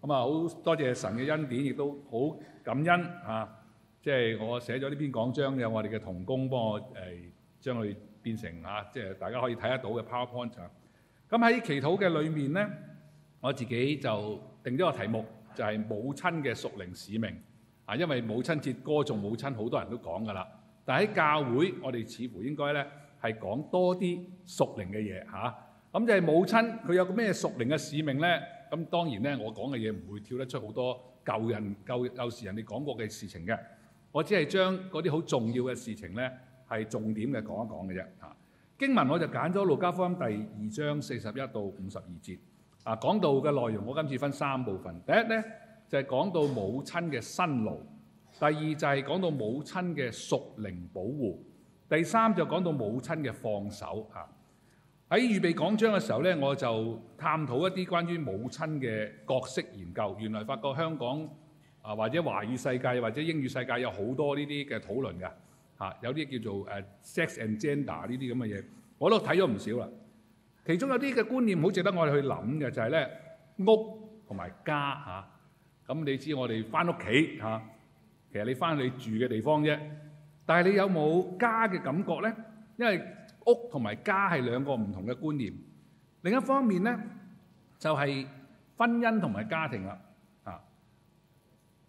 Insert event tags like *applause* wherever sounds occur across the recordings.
咁啊，好、嗯、多謝神嘅恩典，亦都好感恩嚇。即、啊、係、就是、我寫咗呢篇講章，有我哋嘅同工幫我誒、欸、將佢變成嚇，即、啊、係、就是、大家可以睇得到嘅 PowerPoint。咁喺祈禱嘅裡面咧，我自己就定咗個題目，就係、是、母親嘅屬靈使命。啊，因為母親節歌頌母親好多人都講㗎啦，但係喺教會我哋似乎應該咧係講多啲屬靈嘅嘢嚇。咁、啊、就係母親，佢有個咩屬靈嘅使命咧？咁當然咧，我講嘅嘢唔會跳得出好多舊人、舊舊時人哋講過嘅事情嘅。我只係將嗰啲好重要嘅事情咧，係重點嘅講一講嘅啫。啊，經文我就揀咗路加福音第二章四十一到五十二節。啊，講到嘅內容，我今次分三部分。第一咧就係講到母親嘅辛勞；第二就係講到母親嘅屬靈保護；第三就講到母親嘅放手。啊！喺預備講章嘅時候咧，我就探討一啲關於母親嘅角色研究。原來發覺香港啊，或者華語世界或者英語世界有好多呢啲嘅討論嘅嚇，有啲叫做誒 sex and gender 呢啲咁嘅嘢，我都睇咗唔少啦。其中有啲嘅觀念好值得我哋去諗嘅，就係咧屋同埋家嚇。咁你知我哋翻屋企嚇，其實你翻你住嘅地方啫。但係你有冇家嘅感覺咧？因為屋同埋家係兩個唔同嘅觀念。另一方面咧，就係婚姻同埋家庭啦。啊，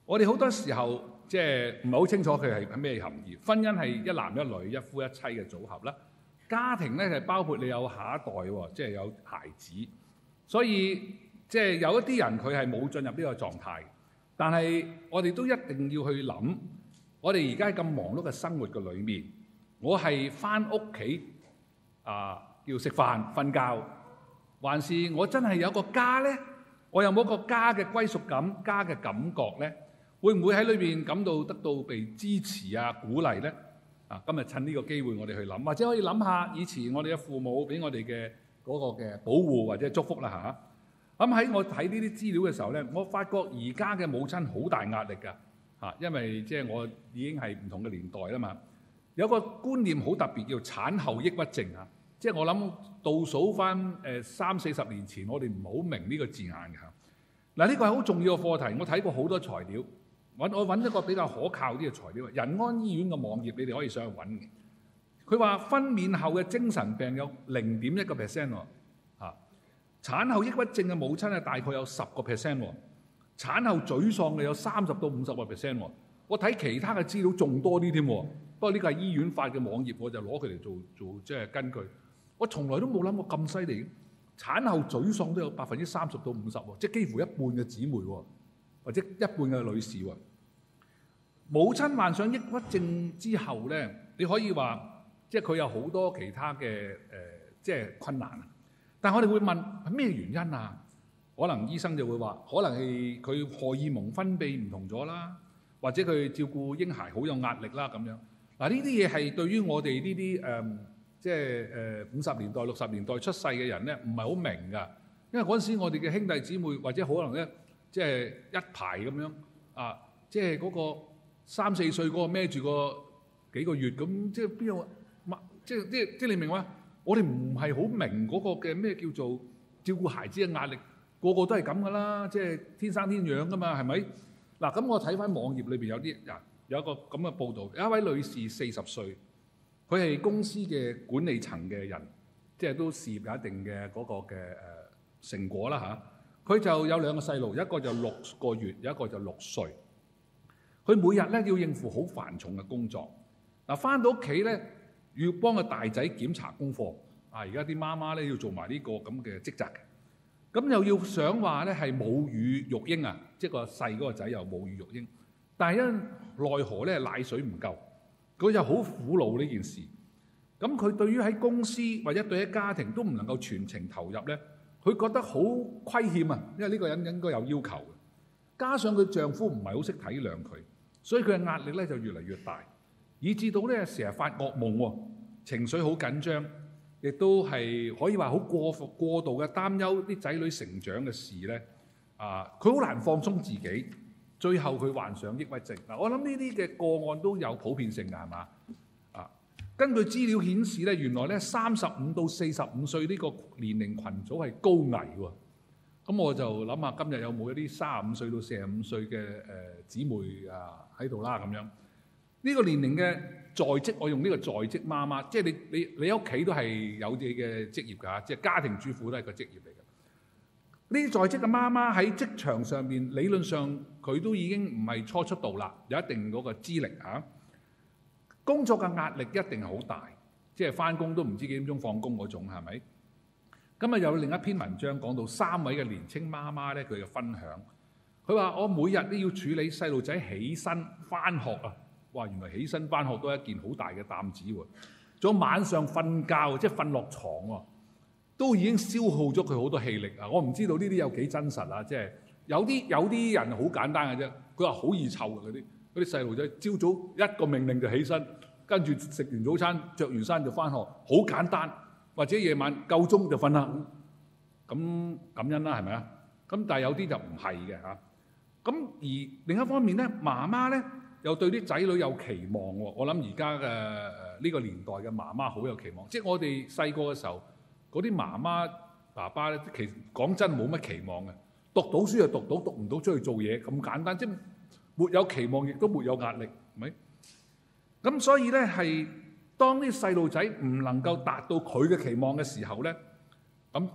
我哋好多時候即係唔係好清楚佢係咩含義。婚姻係一男一女一夫一妻嘅組合啦。家庭咧係包括你有下一代喎，即係有孩子。所以即係有一啲人佢係冇進入呢個狀態。但係我哋都一定要去諗，我哋而家咁忙碌嘅生活嘅裏面，我係返屋企。啊，叫食飯、瞓覺，還是我真係有個家咧？我有冇個家嘅歸屬感、家嘅感覺咧，會唔會喺裏邊感到得到被支持啊、鼓勵咧？啊，今日趁呢個機會，我哋去諗，或者可以諗下以前我哋嘅父母俾我哋嘅嗰個嘅保護或者祝福啦嚇。咁、啊、喺、啊、我睇呢啲資料嘅時候咧，我發覺而家嘅母親好大壓力噶嚇、啊，因為即係、就是、我已經係唔同嘅年代啦嘛。有個觀念好特別叫產後抑鬱症啊！即係我諗倒數翻誒三四十年前，我哋唔好明呢個字眼嘅嚇。嗱，呢個係好重要嘅課題，我睇過好多材料，揾我揾一個比較可靠啲嘅材料。仁安醫院嘅網頁你哋可以上去揾嘅。佢話分娩後嘅精神病有零點一個 percent 喎嚇，產後抑鬱症嘅母親啊大概有十個 percent 喎，產後沮喪嘅有三十到五十個 percent 喎。我睇其他嘅資料仲多啲添，不過呢個係醫院發嘅網頁，我就攞佢嚟做做即係根據。我從來都冇諗過咁犀利，產後沮喪都有百分之三十到五十喎，即係幾乎一半嘅姊妹喎，或者一半嘅女士喎。母親患上抑鬱症之後咧，你可以話即係佢有好多其他嘅誒、呃，即係困難啊。但係我哋會問係咩原因啊？可能醫生就會話，可能係佢荷爾蒙分泌唔同咗啦。或者佢照顧嬰孩好有壓力啦咁樣，嗱，呢啲嘢係對於我哋呢啲誒，即係誒五十年代六十年代出世嘅人咧，唔係好明噶。因為嗰陣時我哋嘅兄弟姊妹或者可能咧，即係一排咁樣啊，即係嗰個三四歲嗰個孭住個幾個月咁，即係邊有乜？即係即係即係你明嘛？我哋唔係好明嗰個嘅咩叫做照顧孩子嘅壓力，個個都係咁噶啦，即係天生天養噶嘛，係咪？嗱，咁我睇翻網頁裏邊有啲人有一個咁嘅報導，有一位女士四十歲，佢係公司嘅管理層嘅人，即係都事業有一定嘅嗰個嘅誒成果啦嚇。佢就有兩個細路，一個就六個月，有一個就六歲。佢每日咧要應付好繁重嘅工作。嗱，翻到屋企咧要幫個大仔檢查功課。啊，而家啲媽媽咧要做埋呢個咁嘅職責。咁又要想話咧係母乳育嬰啊，即係個細嗰個仔又母乳育嬰，但係因奈何咧奶水唔夠，佢就好苦惱呢件事。咁佢對於喺公司或者對喺家庭都唔能夠全程投入咧，佢覺得好虧欠啊，因為呢個人應該有要求。加上佢丈夫唔係好識體諒佢，所以佢嘅壓力咧就越嚟越大，以至到咧成日發噩夢喎，啊，情緒好緊張。亦都係可以話好過過度嘅擔憂啲仔女成長嘅事咧，啊，佢好難放鬆自己，最後佢患上抑鬱症。嗱，我諗呢啲嘅個案都有普遍性嘅，係嘛？啊，根據資料顯示咧，原來咧三十五到四十五歲呢個年齡群組係高危喎。咁我就諗下今日有冇一啲三十五歲到四十五歲嘅誒姊妹啊喺度啦咁樣，呢個年齡嘅。在職，我用呢個在職媽媽，即係你你你屋企都係有自己嘅職業㗎，即係家庭主婦都係個職業嚟嘅。呢啲在職嘅媽媽喺職場上面，理論上佢都已經唔係初出道啦，有一定嗰個資歷，啊，工作嘅壓力一定係好大，即係返工都唔知幾點鐘放工嗰種係咪？咁啊有另一篇文章講到三位嘅年青媽媽咧，佢嘅分享，佢話我每日都要處理細路仔起身返學啊。哇！原來起身翻學都係一件好大嘅擔子喎。仲有晚上瞓覺即係瞓落床喎，都已經消耗咗佢好多氣力啊！我唔知道呢啲有幾真實啊！即係有啲有啲人好簡單嘅啫，佢話好易湊嘅嗰啲嗰啲細路仔，朝早一個命令就起身，跟住食完早餐、着完衫就翻學，好簡單。或者夜晚夠鍾就瞓啦。咁感恩啦，係咪啊？咁但係有啲就唔係嘅嚇。咁而另一方面咧，媽媽咧。又對啲仔女有期望喎，我諗而家嘅呢個年代嘅媽媽好有期望，即係我哋細個嘅時候嗰啲媽媽爸爸咧，其實講真冇乜期望嘅，讀到書就讀到，讀唔到出去做嘢咁簡單，即係沒有期望亦都沒有壓力，係咪？咁所以咧，係當啲細路仔唔能夠達到佢嘅期望嘅時候咧，咁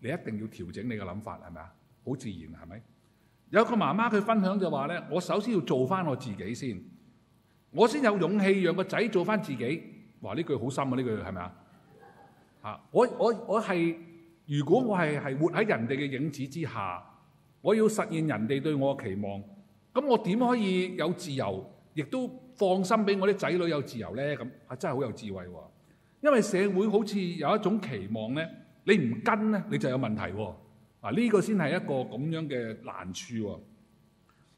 你一定要調整你嘅諗法，係咪啊？好自然係咪？有一個媽媽佢分享就話咧：我首先要做翻我自己先，我先有勇氣讓個仔做翻自己。哇！呢句好深啊！呢句係咪啊？嚇！我我我係如果我係係活喺人哋嘅影子之下，我要實現人哋對我嘅期望，咁我點可以有自由，亦都放心俾我啲仔女有自由咧？咁係真係好有智慧喎！因為社會好似有一種期望咧，你唔跟咧，你就有問題喎。嗱呢、啊這個先係一個咁樣嘅難處喎、啊。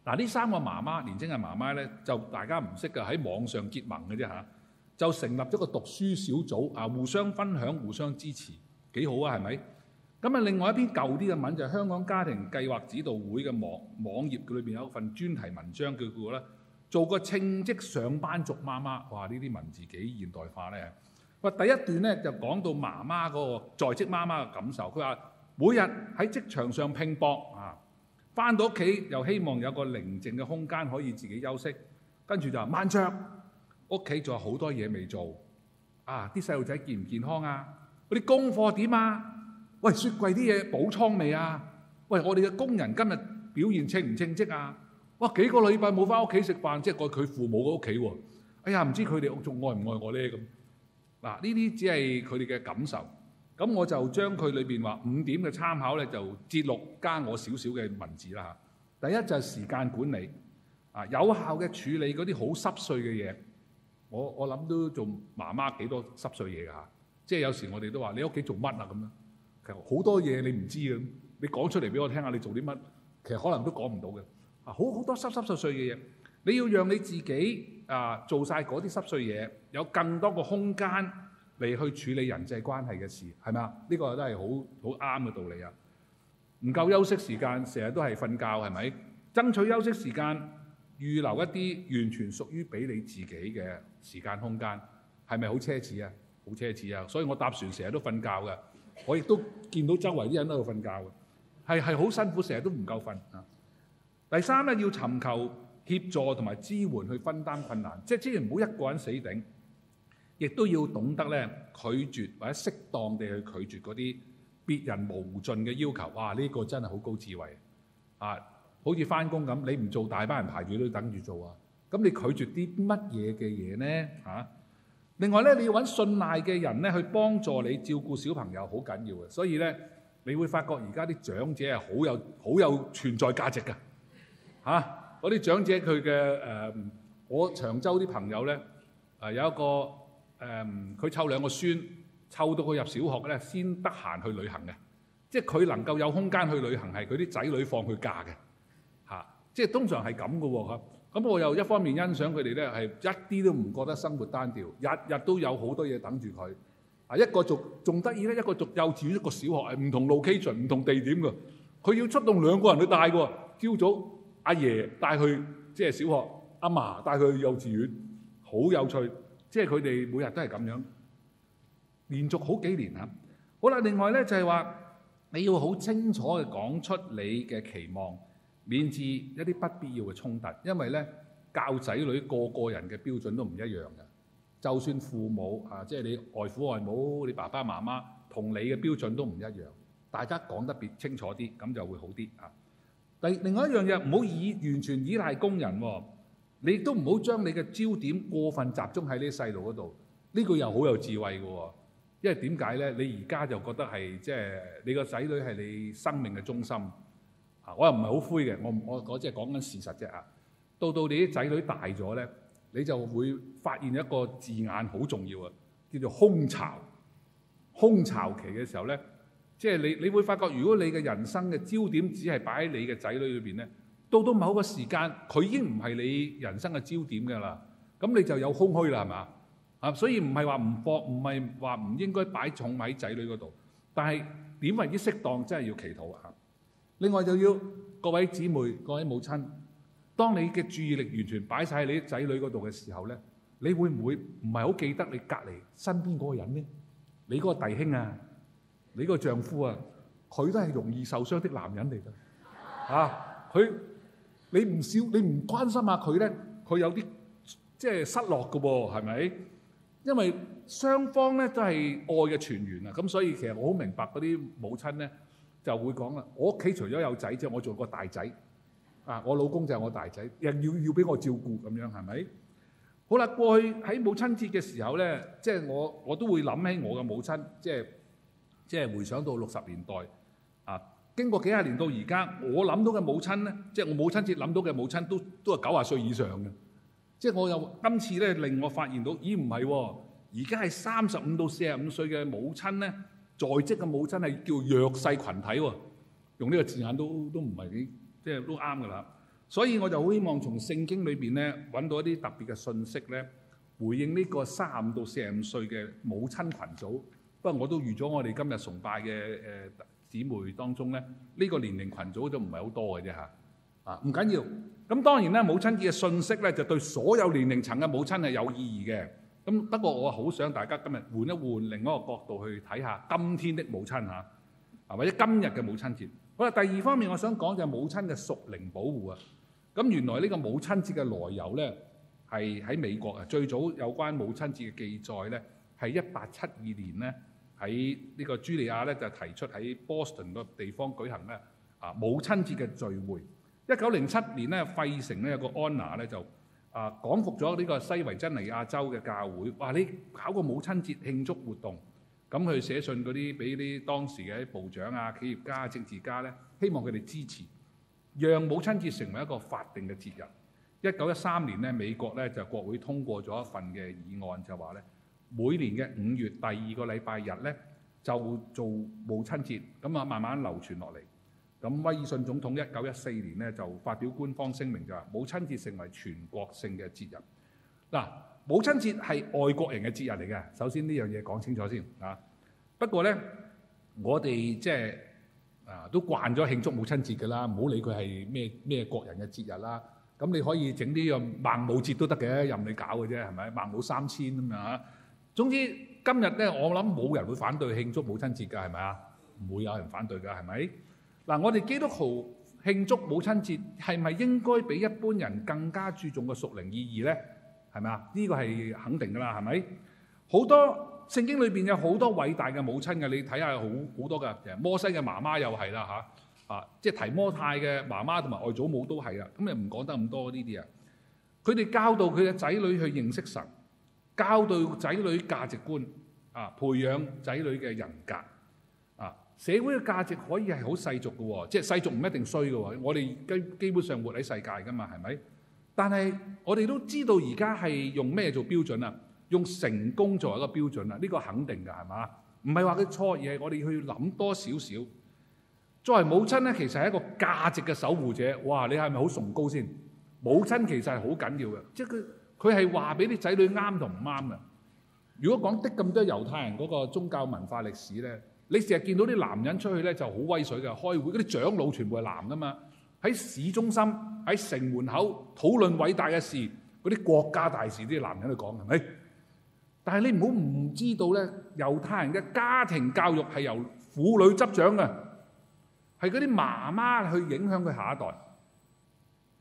嗱、啊、呢三個媽媽，年青嘅媽媽咧，就大家唔識嘅喺網上結盟嘅啫吓，就成立咗個讀書小組啊，互相分享、互相支持，幾好啊，係咪？咁啊，另外一篇舊啲嘅文就係香港家庭計劃指導會嘅網網頁裏邊有一份專題文章，叫叫做咧做個稱職上班族媽媽。哇！呢啲文字幾現代化咧。喂、啊，第一段咧就講到媽媽嗰個在職媽媽嘅感受，佢話。每日喺職場上拼搏啊，返到屋企又希望有個寧靜嘅空間可以自己休息，跟住就慢著，屋企仲有好多嘢未做啊！啲細路仔健唔健康啊？嗰啲功課點啊？喂，雪櫃啲嘢補倉未啊？喂，我哋嘅工人今日表現稱唔稱職啊？哇！幾個禮拜冇返屋企食飯，即係過佢父母嘅屋企喎。哎呀，唔知佢哋仲愛唔愛我咧咁。嗱，呢啲只係佢哋嘅感受。咁我就將佢裏邊話五點嘅參考咧，就節錄加我少少嘅文字啦嚇。第一就係時間管理啊，有效嘅處理嗰啲好濕碎嘅嘢。我我諗都做媽媽幾多濕碎嘢㗎嚇。即係有時我哋都話你屋企做乜啊咁樣。其實好多嘢你唔知嘅，你講出嚟俾我聽下，你做啲乜？其實可能都講唔到嘅。啊，好好多濕濕碎碎嘅嘢，你要讓你自己啊做晒嗰啲濕碎嘢，有更多個空間，嚟去處理人際關係嘅事係咪啊？呢個都係好好啱嘅道理啊！唔夠休息時間，成日都係瞓覺係咪？爭取休息時間，預留一啲完全屬於俾你自己嘅時間空間，係咪好奢侈啊？好奢侈啊！所以我搭船成日都瞓覺嘅，我亦都見到周圍啲人都喺度瞓覺嘅，係係好辛苦，成日都唔夠瞓啊！第三咧要尋求協助同埋支援去分擔困難，即係千祈唔好一個人死頂。亦都要懂得咧拒絕或者適當地去拒絕嗰啲別人無盡嘅要求。哇！呢、這個真係好高智慧啊！好似翻工咁，你唔做大班人排住都等住做啊！咁你拒絕啲乜嘢嘅嘢呢、啊？另外呢，你要揾信賴嘅人呢去幫助你照顧小朋友，好緊要嘅。所以呢，你會發覺而家啲長者係好有好有存在價值㗎嚇！嗰、啊、啲長者佢嘅、呃、我長洲啲朋友呢有一個。誒，佢湊、嗯、兩個孫，湊到佢入小學咧，先得閒去旅行嘅。即係佢能夠有空間去旅行，係佢啲仔女放佢假嘅。嚇、啊，即係通常係咁嘅喎嚇。咁、啊、我又一方面欣賞佢哋咧，係一啲都唔覺得生活單調，日日都有好多嘢等住佢。啊，一個族仲得意咧，一個讀幼稚園一個小學係唔同 location 唔同地點嘅。佢要出動兩個人去帶喎。朝早阿爺帶去即係小學，阿嫲帶去幼稚園，好有趣。即係佢哋每日都係咁樣，連續好幾年啊！好啦，另外咧就係話，你要好清楚嘅講出你嘅期望，免至一啲不必要嘅衝突。因為咧，教仔女個個人嘅標準都唔一樣嘅。就算父母啊，即係你外父外母、你爸爸媽媽，同你嘅標準都唔一樣。大家講得別清楚啲，咁就會好啲啊！第另外一樣嘢，唔好依完全依賴工人喎。啊。你都唔好將你嘅焦點過分集中喺呢啲細路嗰度，呢個又好有智慧嘅喎，因為點解咧？你而家就覺得係即係你個仔女係你生命嘅中心，嚇我又唔係好灰嘅，我我我只係講緊事實啫啊！到到你啲仔女大咗咧，你就會發現一個字眼好重要啊，叫做空巢。空巢期嘅時候咧，即係你，你會發覺如果你嘅人生嘅焦點只係擺喺你嘅仔女裏邊咧。到到某個時間，佢已經唔係你人生嘅焦點㗎啦，咁你就有空虛啦，係嘛？啊，所以唔係話唔放，唔係話唔應該擺重喺仔女嗰度，但係點為之適當，真係要祈禱啊！另外就要各位姊妹、各位母親，當你嘅注意力完全擺晒喺你啲仔女嗰度嘅時候咧，你會唔會唔係好記得你隔離身邊嗰個人咧？你嗰個弟兄啊，你嗰個丈夫啊，佢都係容易受傷的男人嚟㗎，嚇、啊、佢。你唔笑，你唔關心下佢咧，佢有啲即係失落㗎喎，係咪？因為雙方咧都係愛嘅傳員啊，咁所以其實我好明白嗰啲母親咧就會講啦，我屋企除咗有仔之外，我仲有個大仔啊，我老公就係我大仔，又要要俾我照顧咁樣，係咪？好啦，過去喺母親節嘅時候咧，即係我我都會諗起我嘅母親，即係即係回想到六十年代啊。經過幾十年到而家，我諗到嘅母親咧，即係我母親節諗到嘅母親都都係九十歲以上嘅。即係我又今次咧令我發現到，咦唔係喎，而家係三十五到四十五歲嘅母親咧，在職嘅母親係叫弱勢群體喎、哦。用呢個字眼都都唔係幾，即係都啱㗎啦。所以我就好希望從聖經裏邊咧揾到一啲特別嘅信息咧，回應呢個三十五到四十五歲嘅母親群組。不過我都預咗我哋今日崇拜嘅誒。呃姊妹當中咧，呢個年齡群組都唔係好多嘅啫吓。啊，唔緊要。咁當然咧，母親節嘅訊息咧，就對所有年齡層嘅母親係有意義嘅。咁不過我好想大家今日換一換另一個角度去睇下今天的母親吓，啊或者今日嘅母親節。好啦，第二方面我想講就係母親嘅屬靈保護啊。咁原來呢個母親節嘅來由咧，係喺美國啊，最早有關母親節嘅記載咧，係一八七二年咧。喺呢個茱莉亞咧就提出喺 Boston 個地方舉行咧啊母親節嘅聚會。一九零七年咧，費城咧，有個安娜咧就啊講服咗呢個西維珍尼亞州嘅教會，哇！你搞個母親節慶祝活動，咁佢寫信嗰啲俾啲當時嘅部長啊、企業家、啊、政治家咧，希望佢哋支持，讓母親節成為一個法定嘅節日。一九一三年咧，美國咧就國會通過咗一份嘅議案就呢，就話咧。每年嘅五月第二個禮拜日咧，就做母親節，咁啊慢慢流傳落嚟。咁威爾遜總統一九一四年咧就發表官方聲明，就話母親節成為全國性嘅節日。嗱、啊，母親節係外國人嘅節日嚟嘅，首先呢樣嘢講清楚先啊。不過咧，我哋即係啊都慣咗慶祝母親節㗎啦，唔好理佢係咩咩國人嘅節日啦。咁你可以整呢樣孟母節都得嘅，任你搞嘅啫，係咪？孟母三遷咁樣吓。總之，今日咧，我諗冇人會反對慶祝母親節㗎，係咪啊？唔會有人反對㗎，係咪？嗱，我哋基督徒慶祝母親節，係咪應該比一般人更加注重個屬靈意義咧？係咪啊？呢個係肯定㗎啦，係咪？好多聖經裏邊有好多偉大嘅母親嘅，你睇下，好好多㗎，誒摩西嘅媽媽又係啦，嚇啊，即係提摩太嘅媽媽同埋外祖母都係啦，咁又唔講得咁多呢啲啊。佢哋教導佢嘅仔女去認識神。教導仔女價值觀啊，培養仔女嘅人格啊，社會嘅價值可以係好世俗嘅喎，即係世俗唔一定衰嘅喎。我哋基基本上活喺世界噶嘛，係咪？但係我哋都知道而家係用咩做標準啊？用成功作為一個標準啦，呢個肯定嘅係嘛？唔係話佢錯，而係我哋去諗多少少。作為母親咧，其實係一個價值嘅守護者。哇，你係咪好崇高先？母親其實係好緊要嘅，即係佢。佢係話俾啲仔女啱同唔啱啊！如果講得咁多猶太人嗰個宗教文化歷史咧，你成日見到啲男人出去咧就好威水嘅開會，嗰啲長老全部係男噶嘛？喺市中心喺城門口討論偉大嘅事，嗰啲國家大事啲男人去講係咪？但係你唔好唔知道咧，猶太人嘅家庭教育係由婦女執掌嘅，係嗰啲媽媽去影響佢下一代，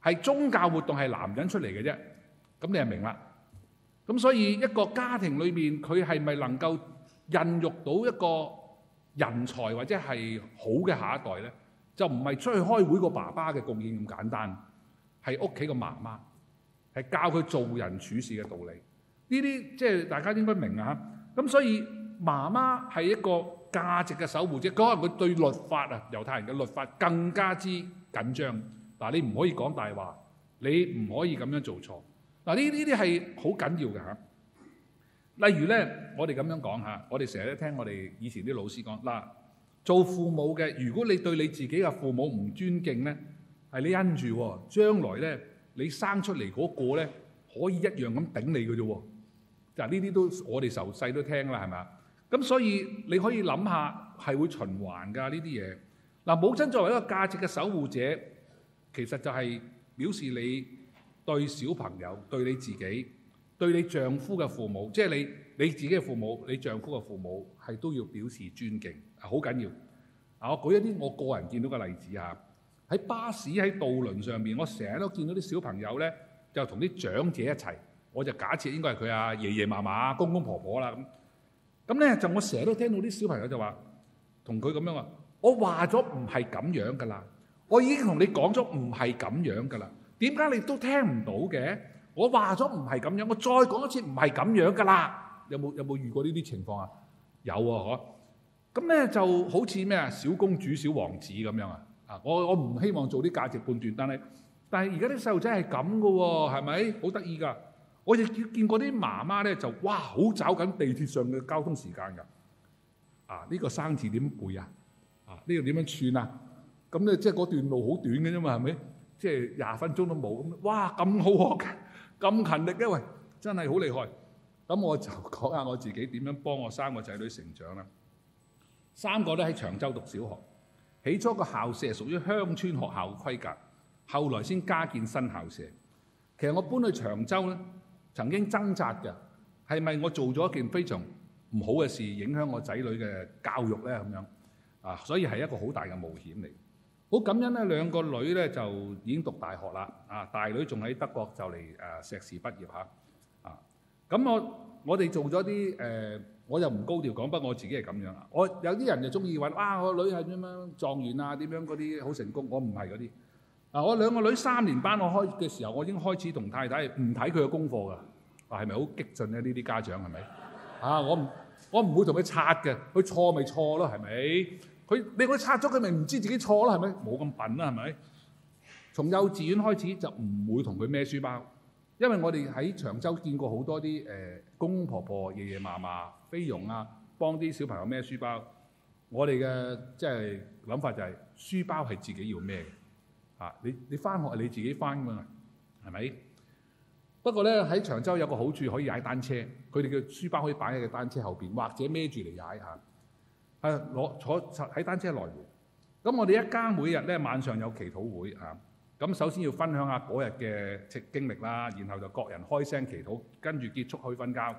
係宗教活動係男人出嚟嘅啫。咁你就明啦。咁所以一個家庭裏面，佢係咪能夠孕育到一個人才或者係好嘅下一代咧？就唔係出去開會個爸爸嘅貢獻咁簡單，係屋企個媽媽係教佢做人處事嘅道理。呢啲即係大家應該明啊。咁所以媽媽係一個價值嘅守護者。可能佢對律法啊，猶太人嘅律法更加之緊張。嗱，你唔可以講大話，你唔可以咁樣做錯。嗱，呢呢啲係好緊要嘅嚇。例如咧，我哋咁樣講嚇，我哋成日都聽我哋以前啲老師講，嗱，做父母嘅，如果你對你自己嘅父母唔尊敬咧，係你恩住喎，將來咧你生出嚟嗰個咧可以一樣咁頂你嘅啫。嗱，呢啲都我哋受細都聽啦，係咪啊？咁所以你可以諗下，係會循環㗎呢啲嘢。嗱，母親作為一個價值嘅守護者，其實就係表示你。對小朋友，對你自己，對你丈夫嘅父母，即係你你自己嘅父母，你丈夫嘅父母係都要表示尊敬，係好緊要。啊，我舉一啲我個人見到嘅例子嚇，喺巴士喺渡輪上面，我成日都見到啲小朋友咧，就同啲長者一齊。我就假設應該係佢啊，爺爺嫲嫲、公公婆婆啦咁。咁咧就我成日都聽到啲小朋友就話，同佢咁樣話，我話咗唔係咁樣㗎啦，我已經同你講咗唔係咁樣㗎啦。點解你都聽唔到嘅？我話咗唔係咁樣，我再講一次唔係咁樣噶啦。有冇有冇遇過呢啲情況啊？有喎，嗬。咁咧就好似咩啊？小公主、小王子咁樣啊。啊，我我唔希望做啲價值判斷，但係但係而家啲細路仔係咁噶喎，係咪？好得意噶。我亦見見過啲媽媽咧，就哇好找緊地鐵上嘅交通時間㗎。啊，呢個生字點背啊？啊，呢個點樣串啊？咁咧即係嗰段路好短嘅啫嘛，係咪？即係廿分鐘都冇咁，哇咁好學嘅，咁勤力，嘅，喂，真係好厲害。咁我就講下我自己點樣幫我三個仔女成長啦。三個都喺長洲讀小學，起初個校舍係屬於鄉村學校嘅規格，後來先加建新校舍。其實我搬去長洲咧，曾經掙扎嘅係咪我做咗一件非常唔好嘅事，影響我仔女嘅教育咧咁樣啊？所以係一個好大嘅冒險嚟。好感恩咧，兩個女咧就已經讀大學啦。啊，大女仲喺德國就嚟誒碩士畢業嚇。啊，咁我我哋做咗啲誒，我又唔高調講，不我自己係咁樣啦。我有啲人就中意話，啊，我，我、呃、我，我，我，我女係點樣狀元啊，點樣嗰啲好成功，我唔係嗰啲。我兩個女三年班我開嘅時候，我已經開始同太太唔睇佢嘅功課㗎。啊，係咪好激進咧，啊？呢啲家長係咪？ *laughs* 啊，我唔我唔會同佢拆嘅，佢錯咪錯咯，係咪？佢你佢拆咗佢咪唔知自己錯啦，係咪？冇咁笨啦，係咪？從幼稚園開始就唔會同佢孭書包，因為我哋喺長洲見過好多啲誒公公婆婆、爺爺嫲嫲、菲傭啊，幫啲小朋友孭書包。我哋嘅即係諗法就係，書包係自己要孭嘅嚇。你你翻學係你自己翻㗎嘛？係咪？不過咧喺長洲有個好處可以踩單車，佢哋嘅書包可以擺喺個單車後邊，或者孭住嚟踩下。係攞坐喺單車來回，咁我哋一家每日咧晚上有祈禱會啊，咁首先要分享下嗰日嘅經歷啦，然後就各人開聲祈禱，跟住結束去瞓覺。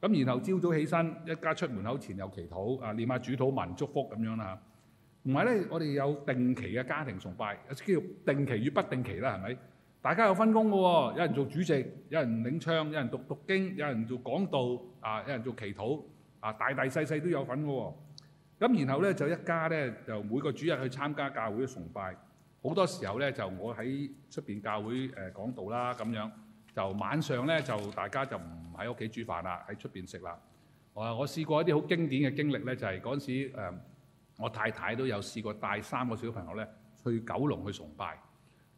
咁然後朝早起身，一家出門口前有祈禱啊，念下主禱文、祝福咁樣啦。唔係咧，我哋有定期嘅家庭崇拜，叫、就是、定期與不定期啦，係咪？大家有分工嘅喎，有人做主席，有人領唱，有人讀讀、讀經，有人做講道，啊，有人做祈禱，啊，大大細細都有份嘅喎。咁然後咧就一家咧就每個主日去參加教會嘅崇拜，好多時候咧就我喺出邊教會誒講、呃、道啦咁樣，就晚上咧就大家就唔喺屋企煮飯啦，喺出邊食啦。啊，我試過一啲好經典嘅經歷咧，就係嗰陣時、呃、我太太都有試過帶三個小朋友咧去九龍去崇拜。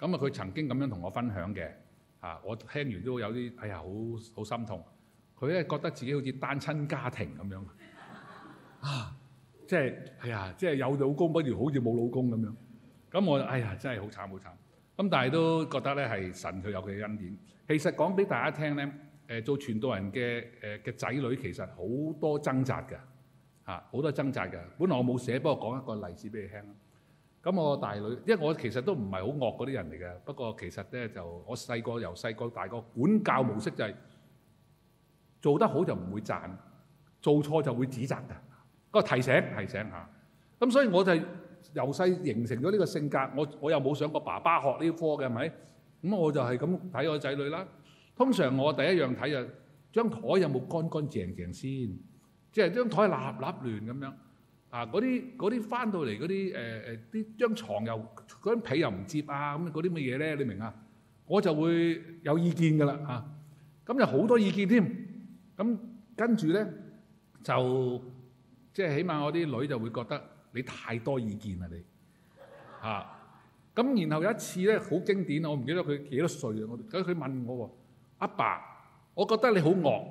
咁、嗯、啊，佢曾經咁樣同我分享嘅嚇、啊，我聽完都有啲哎呀好好心痛。佢咧覺得自己好似單親家庭咁樣啊。即係，哎呀，即係有老公不如好似冇老公咁樣。咁我，哎呀，真係好慘好慘。咁但係都覺得咧係神佢有佢嘅恩典。其實講俾大家聽咧，誒做傳道人嘅誒嘅仔女其實好多掙扎㗎，嚇、啊、好多掙扎㗎。本來我冇寫，不過講一個例子俾你聽啦。咁我大女，因為我其實都唔係好惡嗰啲人嚟嘅，不過其實咧就我細個由細個大個管教模式就係、是、做得好就唔會讚，做錯就會指責㗎。個提醒提醒下咁，啊、所以我就由細形成咗呢個性格。我我又冇上過爸爸學呢科嘅，係咪咁？我就係咁睇我仔女啦。通常我第一樣睇就張、是、枱有冇乾乾淨淨先，即係張枱立立亂咁樣啊！嗰啲嗰啲返到嚟嗰啲誒誒啲張床又嗰張被又唔摺啊！咁嗰啲乜嘢咧？你明啊？我就會有意見㗎啦嚇。咁又好多意見添。咁跟住咧就。即係起碼我啲女就會覺得你太多意見啦，你嚇咁。然後有一次咧，好經典，我唔記得佢幾多歲啦。咁佢問我喎：阿爸，爸，我覺得你好惡。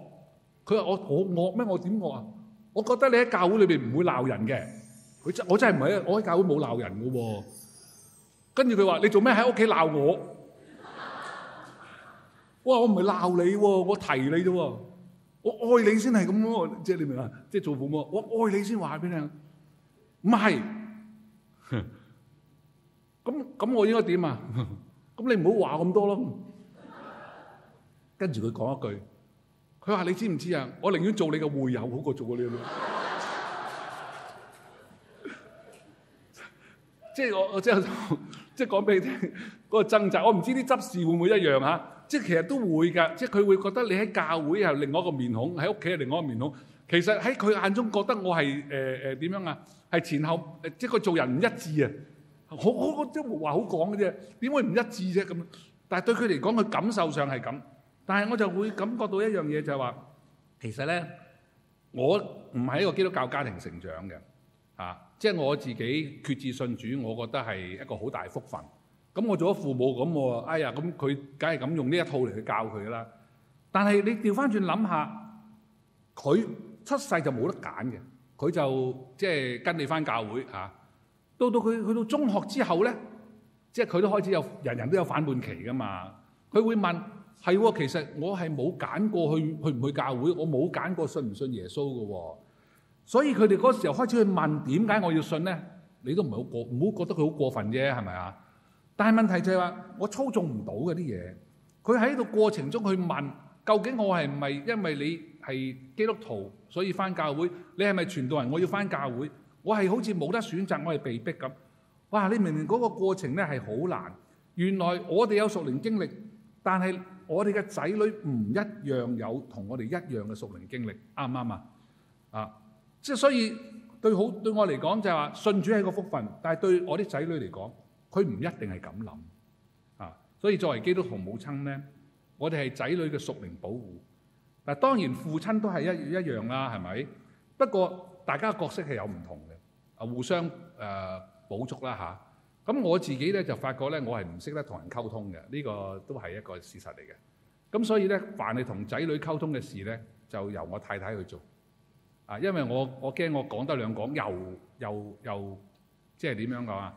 佢話：我好惡咩？我點惡啊？我覺得你喺教會裏邊唔會鬧人嘅。佢真，我真係唔係咧。我喺教會冇鬧人嘅喎。跟住佢話：你做咩喺屋企鬧我？我話：我唔係鬧你喎，我提你啫喎。我愛你先係咁喎，即係你明啊？即係做父母，我愛你先話俾你聽，唔係。咁咁我應該點啊？咁你唔好話咁多咯。跟住佢講一句，佢話：你知唔知啊？我寧願做你嘅會友好過做呢個。即係我，即係即係講俾你聽，嗰個掙扎，我唔知啲執事會唔會一樣呀。即係其實都會㗎，即係佢會覺得你喺教會係另外一個面孔，喺屋企係另外一個面孔。其實喺佢眼中覺得我係誒誒點樣啊？係前後，即係佢做人唔一致啊！好，嗰個即係話好講嘅啫，點會唔一致啫咁？但係對佢嚟講，佢感受上係咁。但係我就會感覺到一樣嘢，就係話其實咧，我唔係一個基督教家庭成長嘅，啊，即係我自己決志信主，我覺得係一個好大福分。咁我做咗父母咁喎，哎呀，咁佢梗係咁用呢一套嚟去教佢啦。但係你調翻轉諗下，佢出世就冇得揀嘅，佢就即係、就是、跟你翻教會、吓、到到佢去到中學之後咧，即係佢都開始有，人人都有反叛期㗎嘛。佢會問：係喎， *music* 其實我係冇揀過去，去唔去教會？我冇揀過信唔信耶穌㗎喎、啊。所以佢哋嗰時候開始去問：點解我要信咧？你都唔好過，唔好覺得佢好過分啫，係咪啊？但係問題就係話，我操縱唔到嗰啲嘢。佢喺呢個過程中去問，究竟我係唔係因為你係基督徒，所以返教會？你係咪傳道人？我要返教會，我係好似冇得選擇，我係被逼咁。哇！你明明嗰個過程咧係好難。原來我哋有屬靈經歷，但係我哋嘅仔女唔一樣有同我哋一樣嘅屬靈經歷，啱唔啱啊？啊，即係所以對好對我嚟講就係話，信主係個福分，但係對我啲仔女嚟講。佢唔一定係咁諗啊，所以作為基督徒母親咧，我哋係仔女嘅屬靈保護。嗱，當然父親都係一一樣啦，係咪？不過大家的角色係有唔同嘅啊，互相誒補足啦吓，咁、呃啊、我自己咧就發覺咧，我係唔識得同人溝通嘅，呢、呢個都係一個事實嚟嘅。咁所以咧，凡係同仔女溝通嘅事咧，就由我太太去做啊，因為我我驚我講多兩講又又又即係點樣講啊？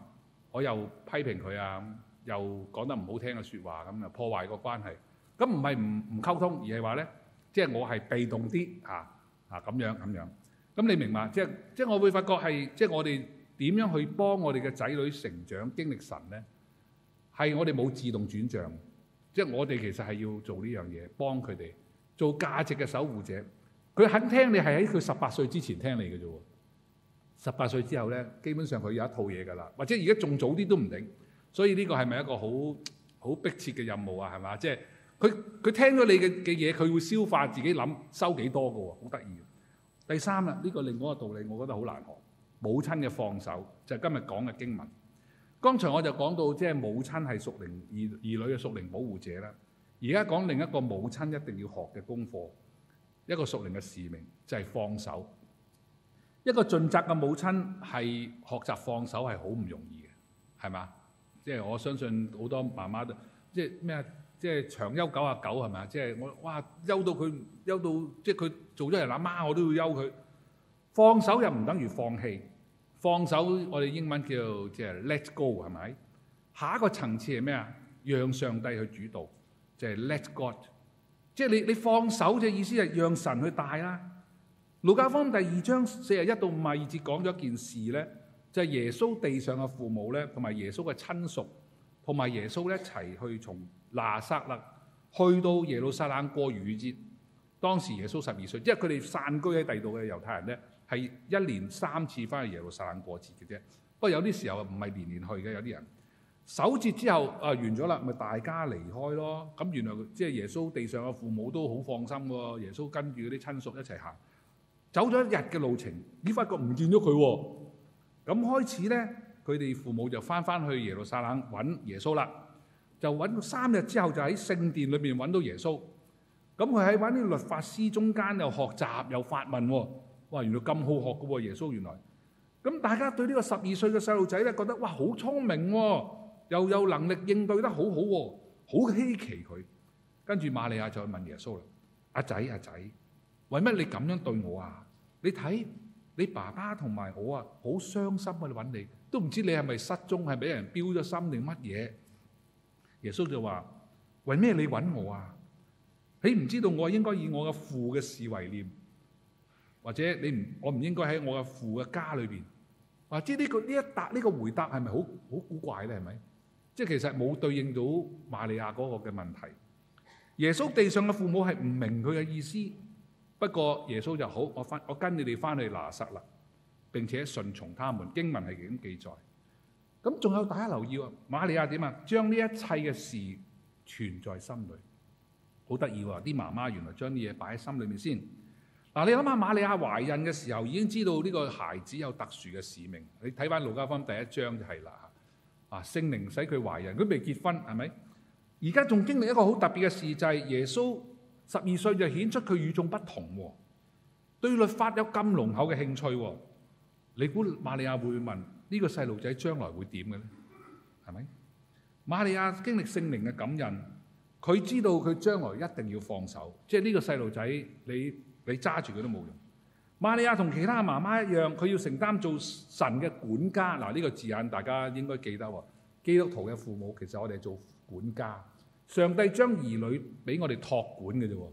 我又批評佢啊，又講得唔好聽嘅説話咁啊，就破壞個關係。咁唔係唔唔溝通，而係話咧，即係我係被動啲嚇嚇咁樣咁樣。咁你明嘛？即係即係我會發覺係即係我哋點樣去幫我哋嘅仔女成長經歷神咧？係我哋冇自動轉賬，即係我哋其實係要做呢樣嘢，幫佢哋做價值嘅守護者。佢肯聽你係喺佢十八歲之前聽你嘅啫喎。十八歲之後咧，基本上佢有一套嘢㗎啦，或者而家仲早啲都唔定，所以呢個係咪一個好好迫切嘅任務啊？係嘛，即係佢佢聽咗你嘅嘅嘢，佢會消化自己諗收幾多個喎，好得意。第三啦，呢個另外一個道理，我覺得好難學。母親嘅放手就係今日講嘅經文。剛才我就講到即係母親係屬靈兒兒女嘅屬靈保護者啦。而家講另一個母親一定要學嘅功課，一個屬靈嘅使命就係放手。一個盡責嘅母親，係學習放手係好唔容易嘅，係嘛？即係我相信好多媽媽都，即係咩啊？即係長休九啊九係咪？即係我哇，休到佢休到，即係佢做咗人阿媽，我都要休佢。放手又唔等於放棄，放手我哋英文叫即係 let go 係咪？下一個層次係咩啊？讓上帝去主導，即係 let God。即係你你放手嘅意思係讓神去帶啦。路加福音第二章四十一到五十二節講咗一件事咧，就係耶穌地上嘅父母咧，同埋耶穌嘅親屬，同埋耶穌一齊去從拿撒勒去到耶路撒冷過逾節。當時耶穌十二歲，即係佢哋散居喺第二度嘅猶太人咧，係一年三次翻去耶路撒冷過節嘅啫。不過有啲時候唔係年年去嘅，有啲人首節之後啊完咗啦，咪大家離開咯。咁原來即係耶穌地上嘅父母都好放心喎，耶穌跟住嗰啲親屬一齊行，走咗一日嘅路程，你發覺唔見咗佢喎。咁開始咧，佢哋父母就翻翻去耶路撒冷揾耶穌啦。就揾咗三日之後，就喺聖殿裏面揾到耶穌。咁佢喺揾啲律法師中間又學習又發問喎、啊。哇，原來咁好學嘅喎耶穌原來。咁大家對呢個十二歲嘅細路仔咧覺得哇好聰明喎、啊，又有能力應對得好好、啊、喎，好稀奇佢。跟住瑪利亞就去問耶穌啦：阿、啊、仔，阿、啊、仔。為乜你咁樣對我啊？你睇你爸爸同埋我啊，好傷心啊！你揾你都唔知你係咪失蹤，係咪俾人標咗心定乜嘢？耶穌就話：為咩你揾我啊？你唔知道我應該以我嘅父嘅事為念，或者你唔我唔應該喺我嘅父嘅家裏邊。或者呢個呢一答呢個回答係咪好好古怪咧？係咪即係其實冇對應到瑪利亞嗰個嘅問題？耶穌地上嘅父母係唔明佢嘅意思。不過耶穌就好，我翻我跟你哋翻去拿撒勒，並且順從他們。經文係點記載？咁仲有大家留意啊？瑪利亞點啊？將呢一切嘅事存在心裏，好得意喎！啲媽媽原來將啲嘢擺喺心裏面先。嗱，你諗下瑪利亞懷孕嘅時候已經知道呢個孩子有特殊嘅使命。你睇翻路加福音第一章就係啦嚇。啊，聖靈使佢懷孕，佢未結婚係咪？而家仲經歷一個好特別嘅事就係、是、耶穌。十二歲就顯出佢與眾不同喎，對律法有咁濃厚嘅興趣喎。你估瑪利亞會問呢個細路仔將來會點嘅咧？係咪？瑪利亞經歷聖靈嘅感恩，佢知道佢將來一定要放手，即係呢個細路仔，你你揸住佢都冇用。瑪利亞同其他媽媽一樣，佢要承擔做神嘅管家。嗱，呢個字眼大家應該記得喎。基督徒嘅父母其實我哋係做管家。上帝將兒女俾我哋託管嘅啫喎，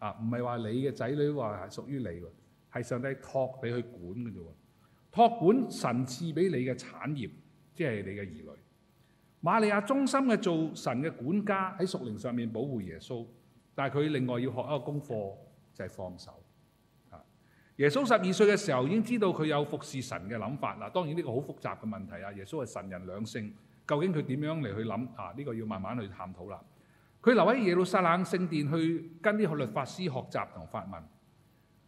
啊，唔係話你嘅仔女話係屬於你喎，係上帝託俾佢管嘅啫喎。託管神賜俾你嘅產業，即係你嘅兒女。瑪利亞忠心嘅做神嘅管家喺屬靈上面保護耶穌，但係佢另外要學一個功課就係、是、放手。啊，耶穌十二歲嘅時候已經知道佢有服侍神嘅諗法嗱，當然呢個好複雜嘅問題啊。耶穌係神人兩性，究竟佢點樣嚟去諗啊？呢、這個要慢慢去探討啦。佢留喺耶路撒冷聖殿去跟啲學律法師學習同發問，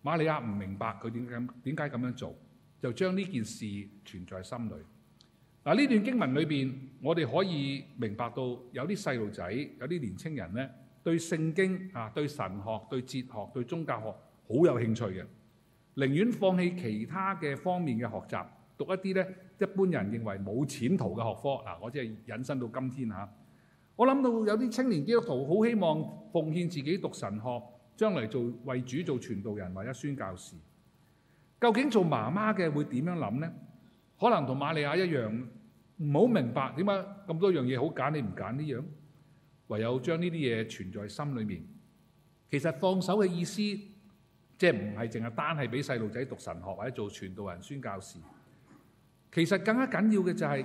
瑪利亞唔明白佢點解點解咁樣做，就將呢件事存在心裏。嗱呢段經文裏面，我哋可以明白到有啲細路仔、有啲年青人咧，對聖經啊、對神學、對哲學、對宗教學好有興趣嘅，寧願放棄其他嘅方面嘅學習，讀一啲咧一般人認為冇前途嘅學科。嗱，我即係引申到今天嚇。我諗到有啲青年基督徒好希望奉獻自己讀神學，將嚟做為主做傳道人或者宣教士。究竟做媽媽嘅會點樣諗呢？可能同瑪利亞一樣，唔好明白點解咁多樣嘢好揀，你唔揀呢樣，唯有將呢啲嘢存在心裏面。其實放手嘅意思，即係唔係淨係單係俾細路仔讀神學或者做傳道人宣教士。其實更加緊要嘅就係。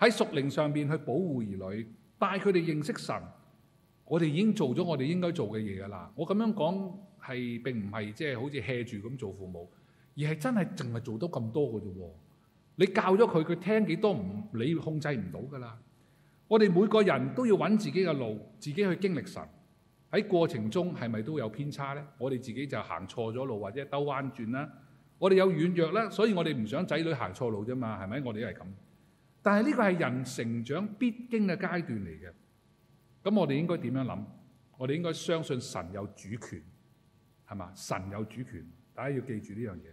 喺屬靈上邊去保護兒女，帶佢哋認識神，我哋已經做咗我哋應該做嘅嘢㗎啦。我咁樣講係並唔係即係好似 hea 住咁做父母，而係真係淨係做到咁多嘅啫喎。你教咗佢，佢聽幾多唔你控制唔到㗎啦。我哋每個人都要揾自己嘅路，自己去經歷神。喺過程中係咪都有偏差咧？我哋自己就行錯咗路或者兜彎轉啦。我哋有軟弱啦，所以我哋唔想仔女行錯路啫嘛，係咪？我哋都係咁。但係呢個係人成長必經嘅階段嚟嘅，咁我哋應該點樣諗？我哋應該相信神有主權，係嘛？神有主權，大家要記住呢樣嘢。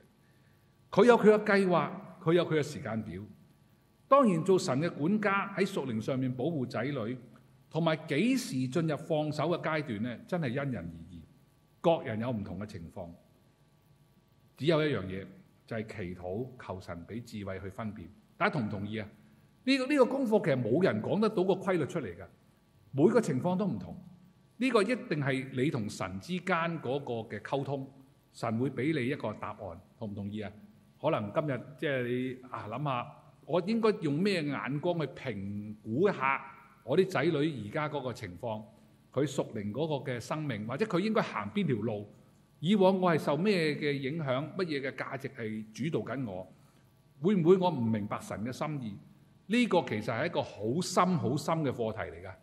佢有佢嘅計劃，佢有佢嘅時間表。當然做神嘅管家喺屬靈上面保護仔女，同埋幾時進入放手嘅階段咧，真係因人而異，各人有唔同嘅情況。只有一樣嘢就係、是、祈禱求神俾智慧去分辨。大家同唔同意啊？呢個呢個功課其實冇人講得到個規律出嚟㗎，每個情況都唔同。呢個一定係你同神之間嗰個嘅溝通，神會俾你一個答案，同唔同意啊？可能今日即係你啊，諗下我應該用咩眼光去評估一下我啲仔女而家嗰個情況，佢屬靈嗰個嘅生命，或者佢應該行邊條路？以往我係受咩嘅影響？乜嘢嘅價值係主導緊我？會唔會我唔明白神嘅心意？呢個其實係一個好深、好深嘅課題嚟㗎。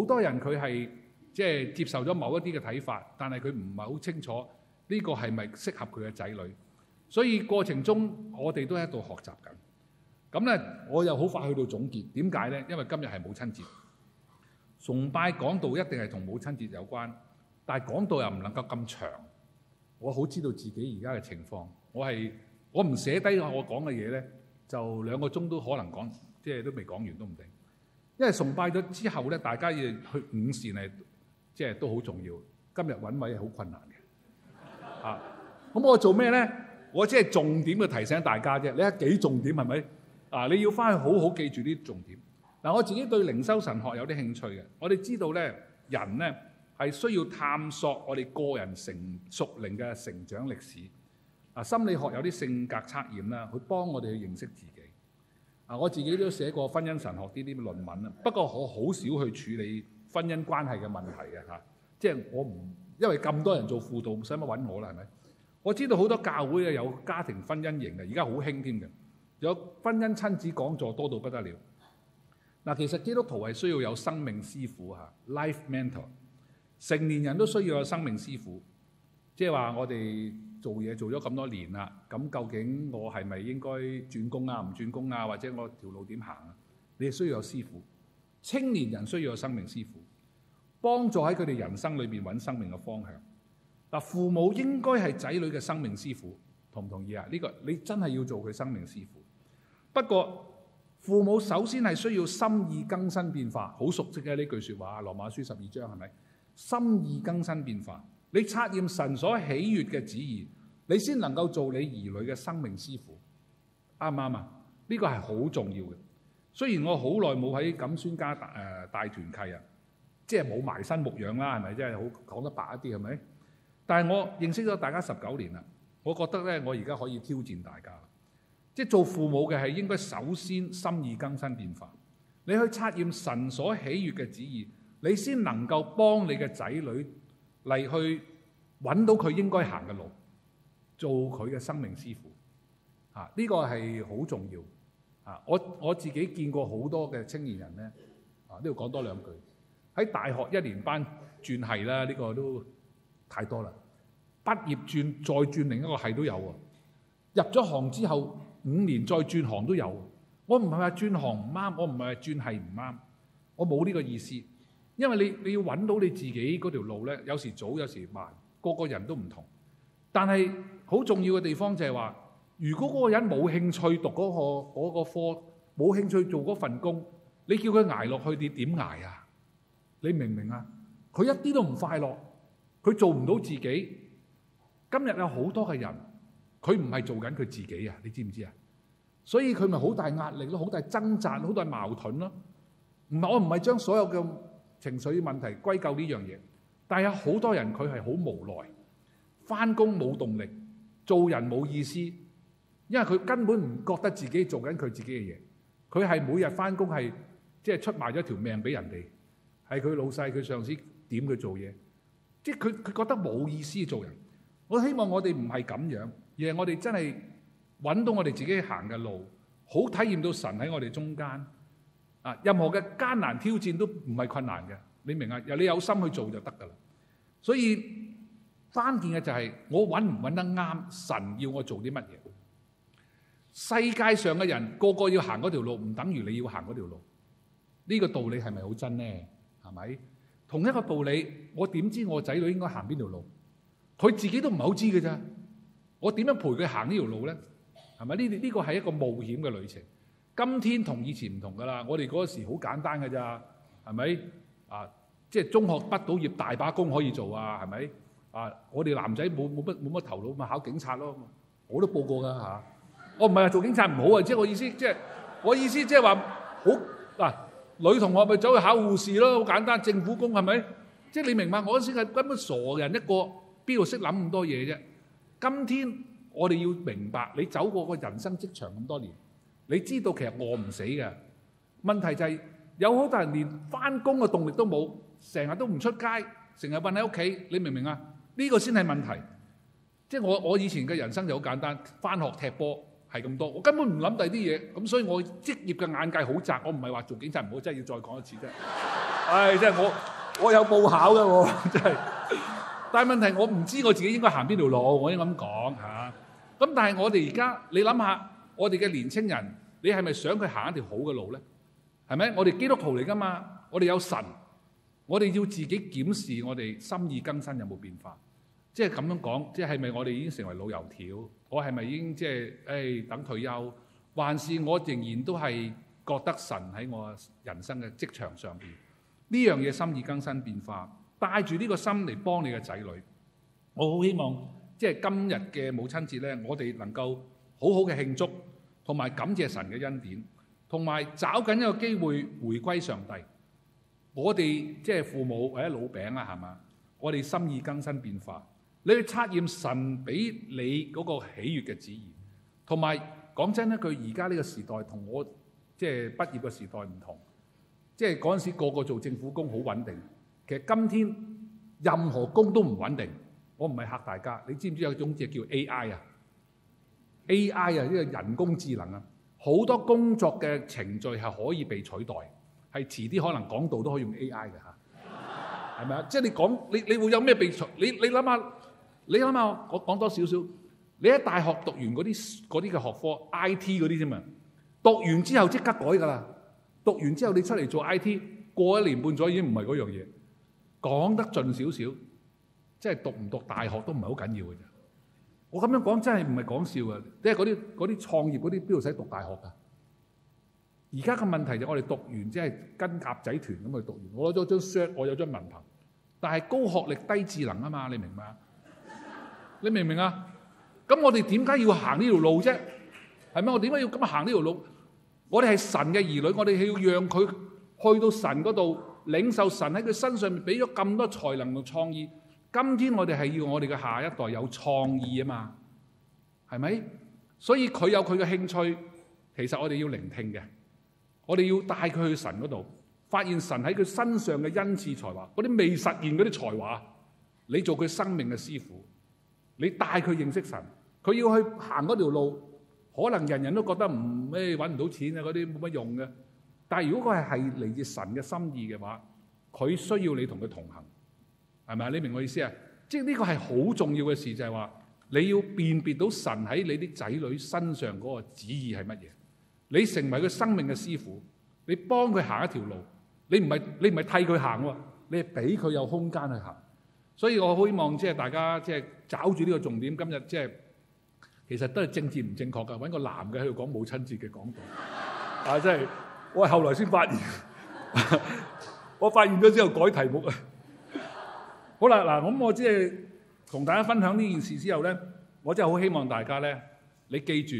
好多人佢係即係接受咗某一啲嘅睇法，但係佢唔係好清楚呢個係咪適合佢嘅仔女。所以過程中我哋都喺度學習緊。咁咧，我又好快去到總結。點解咧？因為今日係母親節，崇拜講道一定係同母親節有關。但係講道又唔能夠咁長。我好知道自己而家嘅情況，我係我唔寫低我講嘅嘢咧，就兩個鐘都可能講。即係都未講完都唔定，因為崇拜咗之後咧，大家要去午膳係，即係都好重要。今日搵位係好困難嘅，嚇。咁我做咩咧？我只係重點嘅提醒大家啫。你一幾重點係咪？啊，你要翻去好好記住呢啲重點。嗱，我自己對靈修神學有啲興趣嘅。我哋知道咧，人咧係需要探索我哋個人成熟齡嘅成長歷史。啊，心理學有啲性格測驗啦，佢幫我哋去認識自己。啊！我自己都寫過婚姻神學呢啲論文啦，不過我好少去處理婚姻關係嘅問題嘅嚇，即係我唔因為咁多人做輔導，唔使乜揾我啦，係咪？我知道好多教會啊有家庭婚姻型嘅，而家好興添嘅，有婚姻親子講座多到不得了。嗱，其實基督徒係需要有生命師傅嚇，life mentor，成年人都需要有生命師傅。即係話我哋做嘢做咗咁多年啦，咁究竟我係咪應該轉工啊？唔轉工啊？或者我條路點行啊？你係需要有師傅，青年人需要有生命師傅，幫助喺佢哋人生裏邊揾生命嘅方向。嗱，父母應該係仔女嘅生命師傅，同唔同意啊？呢個你真係要做佢生命師傅。不過父母首先係需要心意更新變化，好熟悉嘅呢句説話，《羅馬書》十二章係咪？心意更新變化。你察驗神所喜悅嘅旨意，你先能夠做你兒女嘅生命師傅。啱唔啱啊？呢個係好重要嘅。雖然我好耐冇喺錦孫家誒帶團契啊，即係冇埋身牧養啦，係咪？即係好講得白一啲係咪？但係我認識咗大家十九年啦，我覺得咧，我而家可以挑戰大家啦。即係做父母嘅係應該首先心意更新變化，你去察驗神所喜悅嘅旨意，你先能夠幫你嘅仔女。嚟去揾到佢應該行嘅路，做佢嘅生命師傅，啊，呢個係好重要啊！我我自己見過好多嘅青年人咧，啊，都要講多兩句。喺大學一年班轉係啦，呢個都太多啦。畢業轉再轉另一個係都有喎。入咗行之後五年再轉行都有。我唔係話轉行唔啱，我唔係話轉係唔啱，我冇呢個意思。因為你你要揾到你自己嗰條路咧，有時早有時慢，個個人都唔同。但係好重要嘅地方就係話，如果嗰個人冇興趣讀嗰個嗰個科，冇興趣做嗰份工，你叫佢捱落去，你點捱啊？你明唔明啊？佢一啲都唔快樂，佢做唔到自己。今日有好多嘅人，佢唔係做緊佢自己啊！你知唔知啊？所以佢咪好大壓力咯，好大掙扎，好大矛盾咯。唔係我唔係將所有嘅。情緒問題歸咎呢樣嘢，但係有好多人佢係好無奈，返工冇動力，做人冇意思，因為佢根本唔覺得自己做緊佢自己嘅嘢，佢係每日返工係即係出賣咗條命俾人哋，係佢老細佢上司點佢做嘢，即係佢佢覺得冇意思做人。我希望我哋唔係咁樣，而係我哋真係揾到我哋自己行嘅路，好體驗到神喺我哋中間。啊！任何嘅艱難挑戰都唔係困難嘅，你明啊？由你有心去做就得噶啦。所以關鍵嘅就係我揾唔揾得啱，神要我做啲乜嘢？世界上嘅人個個要行嗰條路，唔等於你要行嗰條路。呢個道理係咪好真咧？係咪？同一個道理，我點知我仔女應該行邊條路？佢自己都唔係好知嘅啫。我點樣陪佢行呢條路咧？係咪呢？呢個係一個冒險嘅旅程。今天同以前唔同噶啦，我哋嗰時好簡單噶咋，係咪啊？即係中學畢到業，大把工可以做啊，係咪啊？我哋男仔冇冇乜冇乜頭腦，咪考警察咯，我都報過噶嚇。啊、 *laughs* 我唔係話做警察唔好啊，即係我意思，即係我意思，即係話好嗱，女同學咪走去考護士咯，好簡單，政府工係咪？即係你明白，我嗰時係根本傻人一個，邊度識諗咁多嘢啫？今天我哋要明白，你走過個人生職場咁多年。你知道其實餓唔死嘅問題就係、是、有好多人連翻工嘅動力都冇，成日都唔出街，成日困喺屋企，你明唔明啊？呢、這個先係問題。即、就、係、是、我我以前嘅人生就好簡單，翻學踢波係咁多，我根本唔諗第啲嘢，咁所以我職業嘅眼界好窄。我唔係話做警察唔好，真係要再講一次啫。唉、 *laughs* 哎，即係我我有報考嘅我，真係。但係問題我唔知我自己應該行邊條路，我應該咁講吓。咁、啊、但係我哋而家你諗下。我哋嘅年青人，你係咪想佢行一條好嘅路咧？係咪？我哋基督徒嚟㗎嘛？我哋有神，我哋要自己檢視我哋心意更新有冇變化。即係咁樣講，即係係咪我哋已經成為老油條？我係咪已經即係誒等退休？還是我仍然都係覺得神喺我人生嘅職場上邊？呢樣嘢心意更新變化，帶住呢個心嚟幫你嘅仔女。我好希望即係今日嘅母親節咧，我哋能夠好好嘅慶祝。同埋感謝神嘅恩典，同埋找緊一個機會回歸上帝。我哋即係父母或者、哎、老餅呀、啊，係嘛？我哋心意更新變化。你去察驗神俾你嗰個喜悅嘅旨意，同埋講真咧，佢而家呢個時代同我即係畢業嘅時代唔同。即係嗰陣時個個做政府工好穩定，其實今天任何工都唔穩定。我唔係嚇大家，你知唔知有種嘢叫 A.I. 啊？A.I. 啊，呢個人工智能啊，好多工作嘅程序係可以被取代，係遲啲可能講道都可以用 A.I. 嘅嚇，係咪啊？即係 *noise* 你講你你會有咩被？你你諗下你諗下，我講多少少，你喺大學讀完嗰啲啲嘅學科 I.T. 嗰啲啫嘛，讀完之後即刻改㗎啦。讀完之後你出嚟做 I.T. 過一年半左右已經唔係嗰樣嘢，講得盡少少，即係讀唔讀大學都唔係好緊要嘅。我咁樣講真係唔係講笑啊。即係嗰啲嗰啲創業嗰啲邊度使讀大學㗎？而家嘅問題就我哋讀完即係跟鴨仔團咁去讀完，我攞咗張 t 我有張文憑，但係高學歷低智能啊嘛，你明唔明？你明唔明啊？咁我哋點解要行呢條路啫？係咩？我點解要咁行呢條路？我哋係神嘅兒女，我哋要讓佢去到神嗰度領受神喺佢身上面俾咗咁多才能同創意。今天我哋係要我哋嘅下一代有創意啊嘛，係咪？所以佢有佢嘅興趣，其實我哋要聆聽嘅，我哋要帶佢去神嗰度，發現神喺佢身上嘅恩賜才華，嗰啲未實現嗰啲才華，你做佢生命嘅師傅，你帶佢認識神，佢要去行嗰條路，可能人人都覺得唔咩揾唔到錢啊，嗰啲冇乜用嘅，但如果佢係係嚟自神嘅心意嘅話，佢需要你同佢同行。係咪你明我意思啊？即係呢個係好重要嘅事就係話，就係話你要辨別到神喺你啲仔女身上嗰個旨意係乜嘢。你成為佢生命嘅師傅，你幫佢行一條路，你唔係你唔係替佢行喎，你係俾佢有空間去行。所以我好希望即係大家即係找住呢個重點。今日即係其實都係政治唔正確㗎，揾個男嘅喺度講母親節嘅講道， *laughs* 啊真係我後來先發現， *laughs* 我發現咗之後改題目啊。好啦，嗱，咁我即係同大家分享呢件事之後咧，我真係好希望大家咧，你記住，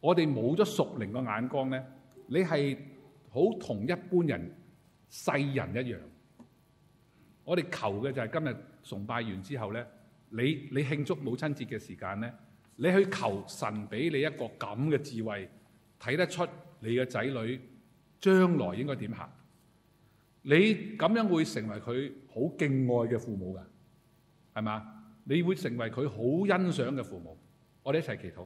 我哋冇咗屬靈嘅眼光咧，你係好同一般人世人一樣。我哋求嘅就係今日崇拜完之後咧，你你慶祝母親節嘅時間咧，你去求神俾你一個咁嘅智慧，睇得出你嘅仔女將來應該點行。你咁樣會成為佢。好敬愛嘅父母㗎，係嘛？你會成為佢好欣賞嘅父母，我哋一齊祈禱。